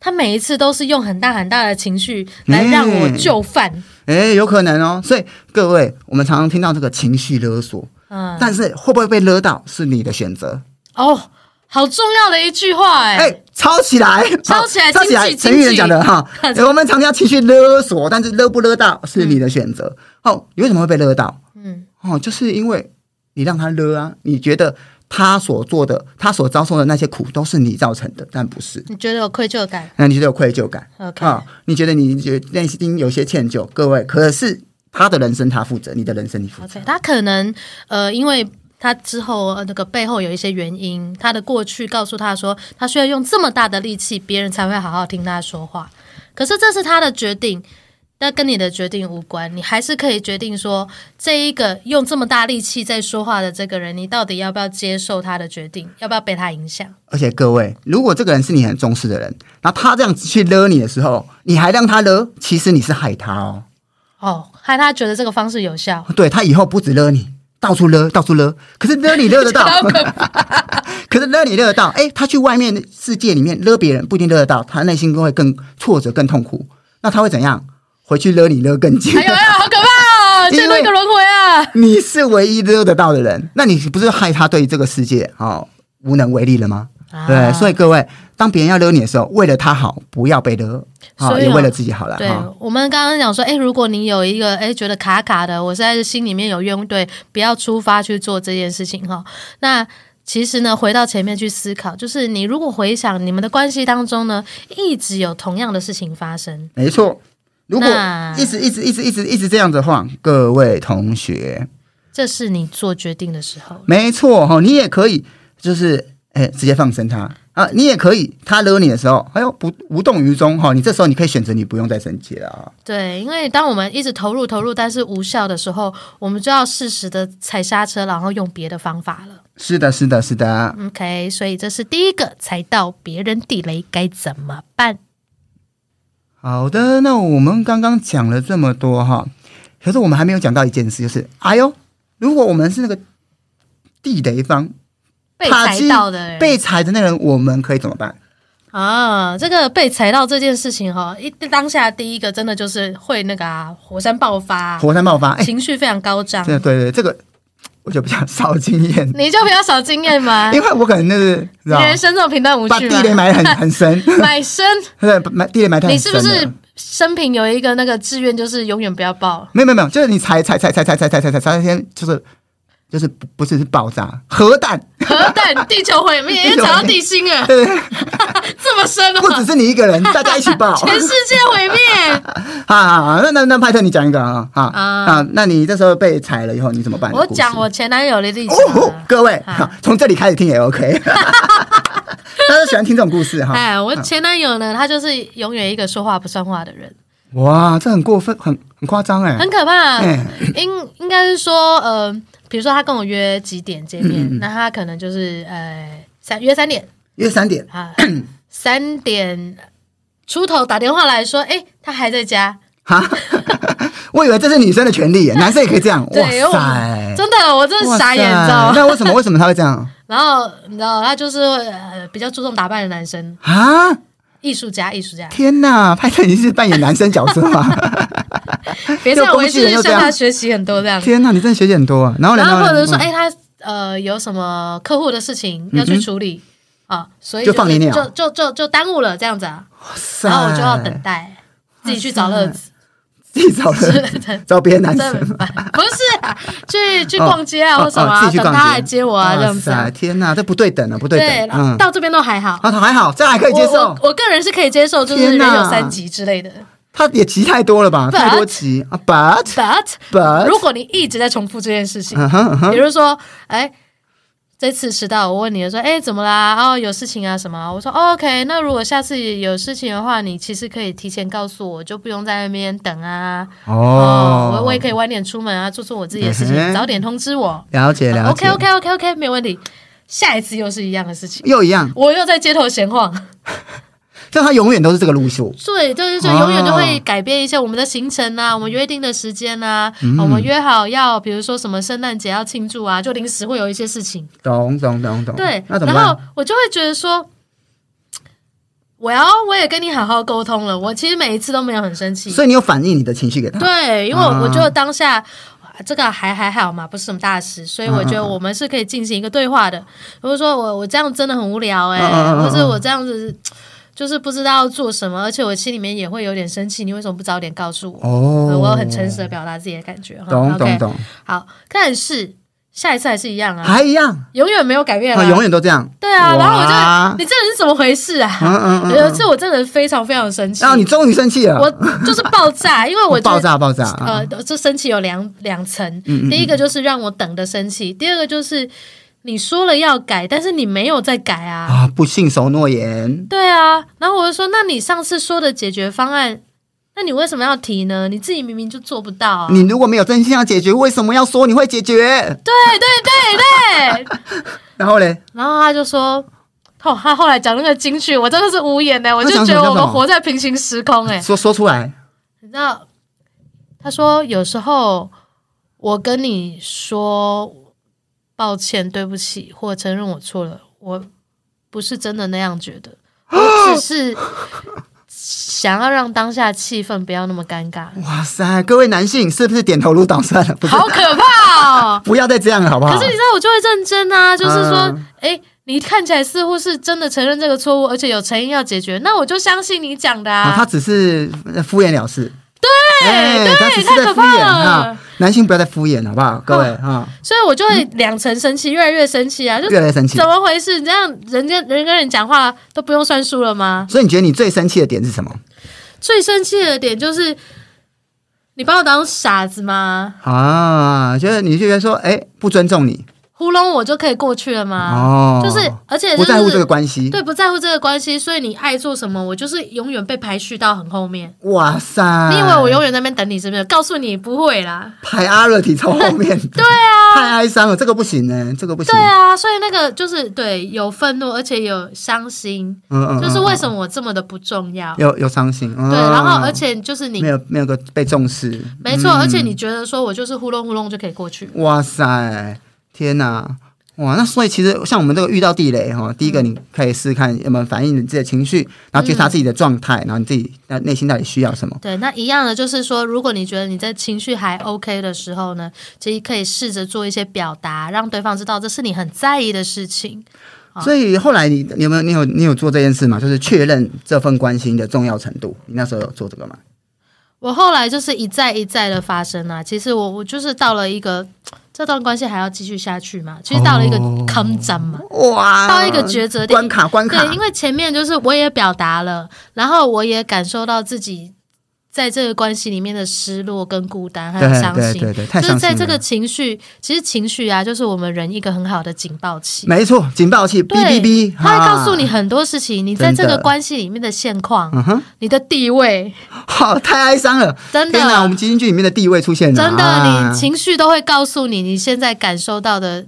他每一次都是用很大很大的情緒來讓、欸、我就範，誒、欸、有可能哦。所以各位，我們常常聽到這個情緒勒索、嗯，但是會不會被勒到是你的選擇哦。好重要的一句話、欸，誒抄起來，抄起來，抄起來，陳譽仁講的哈、欸。我們常常要情緒勒索，但是勒不勒到是你的選擇。你、嗯哦、為什麼會被勒到？哦，就是因為你讓他了啊！你覺得他所做的、他所遭受的那些苦都是你造成的，但不是。你覺得有愧疚感？那你覺得有愧疚感？OK，好、哦，你覺得你覺得內心有些歉疚，各位。可是他的人生他負責，你的人生你負責。Okay, 他可能呃，因為他之後那個背後有一些原因他的過去告訴他說，他需要用這麼大的力氣，別人才會好好聽他說話。可是這是他的決定。那跟你的決定無關，你還是可以決定說，這一個用這麼大力氣在說話的這個人，你到底要不要接受他的決定，要不要被他影響？而且各位，如果這個人是你很重視的人，那他這樣子去勒你的時候，你還讓他勒，其實你是害他哦。哦，害他覺得這個方式有效。對，他以後不止勒你，到處勒，到處勒。可是勒你勒得到，可， 可是勒你勒得到。哎，他去外面的世界裡面勒別人，不一定勒得到，他內心會更挫折、更痛苦。那他會怎樣？回去勒你勒更近。哎呦，好可怕哦！最後一個輪迴啊！你是唯一勒得到的人，那你不是害他對這個世界哈、哦、無能為力了嗎？啊、對，所以各位，當別人要勒你的時候，為了他好，不要被勒。哦、所以、哦、也為了自己好了。對、哦、我們剛剛講說，哎、欸，如果你有一個哎、欸、覺得卡卡的，我是在這心裡面有怨懟，不要出發去做這件事情哈、哦。那其實呢，回到前面去思考，就是你如果回想你們的關係當中呢，一直有同樣的事情發生，沒錯。如果一直一直一直一直一直這樣子晃，各位同學，這是你做決定的時候。沒錯，哈，你也可以，就是，哎、欸，直接放生他啊，你也可以。他惹你的時候，哎呦，不，無動於衷，哈，你這時候你可以選擇，你不用再升級了。對，因為當我們一直投入投入，但是無效的時候，我們就要適時的踩剎車，然後用別的方法了。是的，是的，是的。OK，所以這是第一個踩到別人地雷該怎麼辦？好的，那我們剛剛講了這麼多哈，可是我們還沒有講到一件事，就是哎呦，如果我們是那個地雷方被踩到的，被踩的那人，我們可以怎麼辦啊？這個被踩到這件事情哈，一當下第一個真的就是會那個、啊、火山爆發，火山爆發，哎、情緒非常高漲。對對對，這個。我就比較少經驗，你就比較少經驗嘛？因為我可能就是，你人生這種平淡無趣，把地雷埋很很深， 埋買深，對，埋地雷埋太深。你是不是生平有一個那個志願，就是永遠不要爆？沒有沒有沒有，就是你踩踩踩踩踩踩踩踩踩踩踩天，就是。就是不是是爆炸，核彈、核彈，地球毀滅，要講到地心哎，對對對 這麼深嗎、喔？不只是你一個人， 大家一起爆，全世界毀滅啊啊！那那那派特，你講一個哈啊啊啊！那你這時候被踩了以後，你怎麼辦？我講我前男友的例子。哦。各位，從這裡開始聽也 OK。他 喜歡聽這種故事哈。哎， 我前男友呢，他就是永遠一個說話不算話的人。哇，這很過分，很很誇張哎，很可怕。欸、應應該是說嗯比如說他跟我約幾點見面，嗯嗯嗯那他可能就是呃三約三點，約三點啊三點，出頭打電話來說，哎，他還在家哈， 我以為這是女生的權利耶， 男生也可以這樣，對，哇塞我真的，我真傻眼。那為什麼 為什麼他會這樣？然後你知道他就是、呃、比較注重打扮的男生啊，藝術家藝術家，天吶，派特你是扮演男生角色嗎？ 別在微信上向他學習很多這樣子這樣。天哪，你真的學習很多啊！然後兩然後或者說，哎、欸，他呃有什麼客戶的事情要去處理啊、嗯嗯哦，所以就放給你啊，就就就就,就,就耽誤了這樣子啊。哇、oh, 塞！然後我就要等待自己去找樂子，oh, 自己找樂子， 找別的男生， 不是去去逛街啊，oh, 或什麼、啊 oh,，等他來接我啊，這樣子。天哪，這不對等啊，對不對等。嗯，到這邊都還好、oh, 還好，這還可以接受。我個人是可以接受，就是沒有三級之類的。他也急太多了吧？But, 太多急啊！But but but，如果你一直在重複這件事情，uh -huh, uh -huh. 比如說，哎，這次遲到，我問你，說，哎，怎麼啦？哦，有事情啊？什麼、啊？我說，OK。那如果下次有事情的話，你其實可以提前告訴我，就不用在外面等啊。哦、oh.，我我也可以晚點出門啊，做做我自己的事情，uh -huh. 早點通知我。了解了解。Uh, OK OK OK OK，沒有問題。下一次又是一樣的事情，又一樣。我又在街頭閒晃。 但他永遠都是這個路數，對，就是就永遠都會改變一些我們的行程啊，oh. 我們約定的時間啊，mm. 哦、我們約好要，比如說什麼聖誕節要慶祝啊，就臨時會有一些事情。懂懂懂懂，對，那怎麼辦？然後我就會覺得說，我、well, 要我也跟你好好溝通了。我其實每一次都沒有很生氣，所以你有反映你的情緒給他。對，因為我覺得當下這個還還好嘛，不是什麼大事，所以我覺得我們是可以進行一個對話的。Oh. 比如說我我這樣真的很無聊哎、欸，或、oh. 是我這樣子。就是不知道要做什麼，而且我心裡面也會有點生氣，你為什麼不早點告訴我？哦、oh, 呃，我很誠實的表達自己的感覺。懂、嗯、okay, 懂懂。好，但是下一次還是一樣啊，還一樣，永遠沒有改變了，哦、永遠都這樣。對啊，然後我就，你這人是怎麼回事啊？嗯嗯，嗯有一次我真的非常非常生氣，啊，你終於生氣了，我就是爆炸，因為我爆炸爆炸。爆炸嗯、呃，這生氣有兩兩層，第一個就是讓我等的生氣，第二個就是。你說了要改，但是你沒有再改啊！啊，不信守諾言。對啊，然後我就說，那你上次說的解決方案，那你為什麼要提呢？你自己明明就做不到、啊、你如果沒有真心要解決，為什麼要說你會解決？對對對對。對對 然後嘞？然後他就說，哦，他後來講那個金句，我真的是無言呢、欸。我就覺得我們活在平行時空哎、欸。說說出來，你知道？他說有時候我跟你說。抱歉，對不起，或承認我錯了，我不是真的那樣覺得，我只是，是想要讓當下氣氛不要那麼尷尬。哇塞，各位男性是不是點頭如搗蒜了？好可怕哦！ 不要再這樣了，好不好？可是你知道我就會認真啊，就是說，哎、嗯欸，你看起來似乎是真的承認這個錯誤，而且有誠意要解決，那我就相信你講的啊，啊。他只是敷衍了事，對，對，欸、他只是在敷衍，太可怕了。啊男性不要再敷衍了，好不好？各位啊，啊，所以我就會兩層生氣，嗯、越來越生氣啊，就越來越生氣，怎麼回事？你這樣人家人跟你講話都不用算數了嗎？所以你覺得你最生氣的點是什麼？最生氣的點就是你把我當傻子嗎？啊，就是你就覺得說，哎，不尊重你。糊弄我就可以過去了嗎？哦、oh，就是而且、就是、不在乎這個關係，對，不在乎這個關係，所以你愛做什麼，我就是永遠被排序到很後面。哇塞！你以為我永遠在那邊等你是不是？告訴你不會啦，priority 從後面。 對啊，太哀傷了，這個不行呢、欸，這個不行。對啊，所以那個就是對，有憤怒，而且有傷心，嗯嗯，嗯嗯，就是為什麼我這麼的不重要？有有傷心嗯嗯，對，然後而且就是你沒有沒有個被重視，嗯、沒錯，而且你覺得說我就是糊弄糊弄就可以過去？哇塞！天吶、啊，哇！那所以其實像我們這個遇到地雷哈、嗯，第一個你可以試試看有沒有反映你自己的情緒，然後覺察自己的狀態、嗯，然後你自己那內心到底需要什麼？對，那一樣的就是說，如果你覺得你在情緒還 OK 的時候呢，其實可以試着做一些表達，讓對方知道這是你很在意的事情。所以後來你，你有沒有？你有你有做這件事嗎？就是確認這份關心的重要程度。你那時候有做這個嗎？我後來就是一再一再的發生啊。其實我我就是到了一個。這段關係還要繼續下去嗎？其實到了一個坑站嘛，哦，哇，到一個抉擇點，關卡、關卡。對，因為前面就是我也表達了，然後我也感受到自己，在這個關係裡面的失落跟孤單，還有傷心，對對對對心，就是在這個情緒，其實情緒啊，就是我們人一個很好的警報器。沒錯，警報器，嗶嗶嗶，它會告訴你很多事情、啊。你在這個關係裡面的現況，的你的地位，好、啊，太哀傷了，真的。天我們即興劇裡面的地位出現了，真的，啊、你情緒都會告訴你你現在感受到的。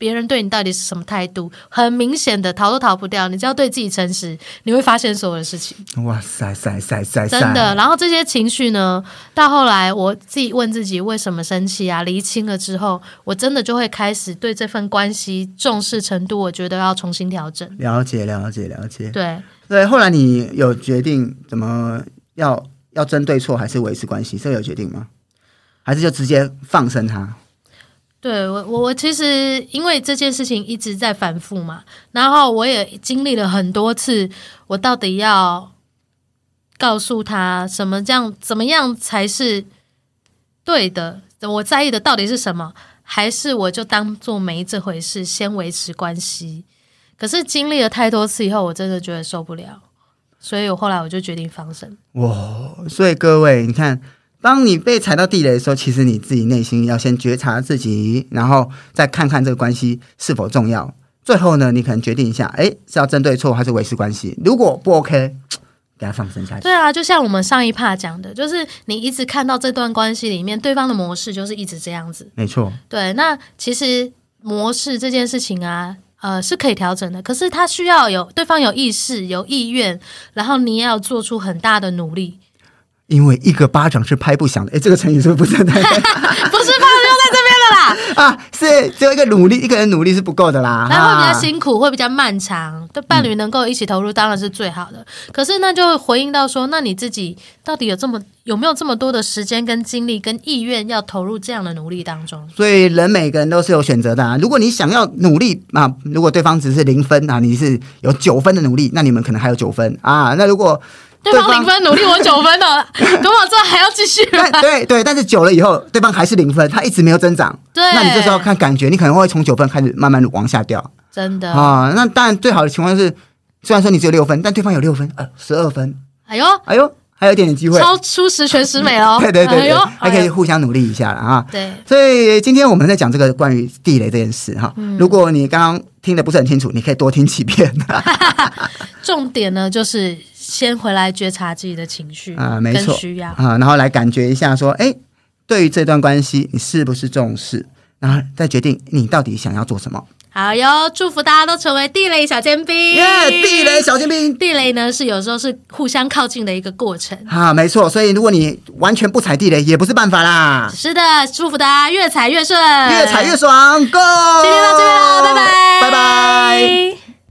別人對你到底是什麼態度？很明顯的，逃都逃不掉。你只要對自己誠實，你會發現所有的事情。哇塞，塞塞塞塞！真的。然後這些情緒呢，到後來我自己問自己為什麼生氣啊？釐清了之後，我真的就會開始對這份關係重視程度，我覺得要重新調整。了解了解了解。對對，後來你有決定怎麼要要爭對錯，還是維持關係？這有決定嗎？還是就直接放生他？對，我我我其實因為這件事情一直在反覆嘛，然後我也經歷了很多次，我到底要告訴他什麼？這樣怎麼樣才是對的？我在意的到底是什麼？還是我就當做沒這回事，先維持關係？可是經歷了太多次以後，我真的覺得受不了，所以我後來我就決定放生。哇！所以各位，你看。當你被踩到地雷的時候，其實你自己內心要先覺察自己，然後再看看這個關係是否重要。最後呢，你可能決定一下，哎，是要爭對錯還是維持關係？如果不 OK，給他放生下去。對啊，就像我們上一趴講的，就是你一直看到這段關係裡面對方的模式就是一直這樣子，沒錯。對，那其實模式這件事情啊，呃，是可以調整的，可是他需要有對方有意識、有意願，然後你也要做出很大的努力。因為一個巴掌是拍不響的，哎，這個成語是不是不是 不是，怕用在這邊的啦。 啊，是只有一個努力，一個人努力是不夠的啦。那、啊、會比較辛苦，會比較漫長。對伴侶能夠一起投入，當然是最好的。嗯、可是那就會回應到說，那你自己到底有這麼有沒有這麼多的時間、跟精力、跟意願要投入這樣的努力當中？所以人每個人都是有選擇的、啊。如果你想要努力啊，如果對方只是零分啊，你是有九分的努力，那你們可能還有九分啊。那如果對方零分，努力我九分的，對嘛？這還要繼續？對對，但是久了以後，對方還是零分，他一直沒有增長。對，那你這時候看感覺，你可能會從九分開始慢慢往下掉。真的啊？那當然，最好的情況是，雖然說你只有六分，但對方有六分，呃、啊，十二分。哎呦，哎呦，還有一點點機會，超出十全十美哦。 對對對，對、哎、還可以互相努力一下了啊。對，所以今天我們在講這個關於地雷這件事哈、啊嗯。如果你剛剛聽得不是很清楚，你可以多聽幾遍。 重點呢，就是。先回來覺察自己的情緒啊，沒錯，啊，然後來感覺一下，說，哎、欸，對於這段關係，你是不是重視？然後再決定你到底想要做什麼。好喲，祝福大家都成為地雷小尖兵！耶、yeah，地雷小尖兵，地雷呢是有時候是互相靠近的一個過程啊，沒錯。所以如果你完全不踩地雷也不是辦法啦。是的，祝福大家越踩越順，越踩越爽，Go！今天到這邊嘍，拜拜，拜拜。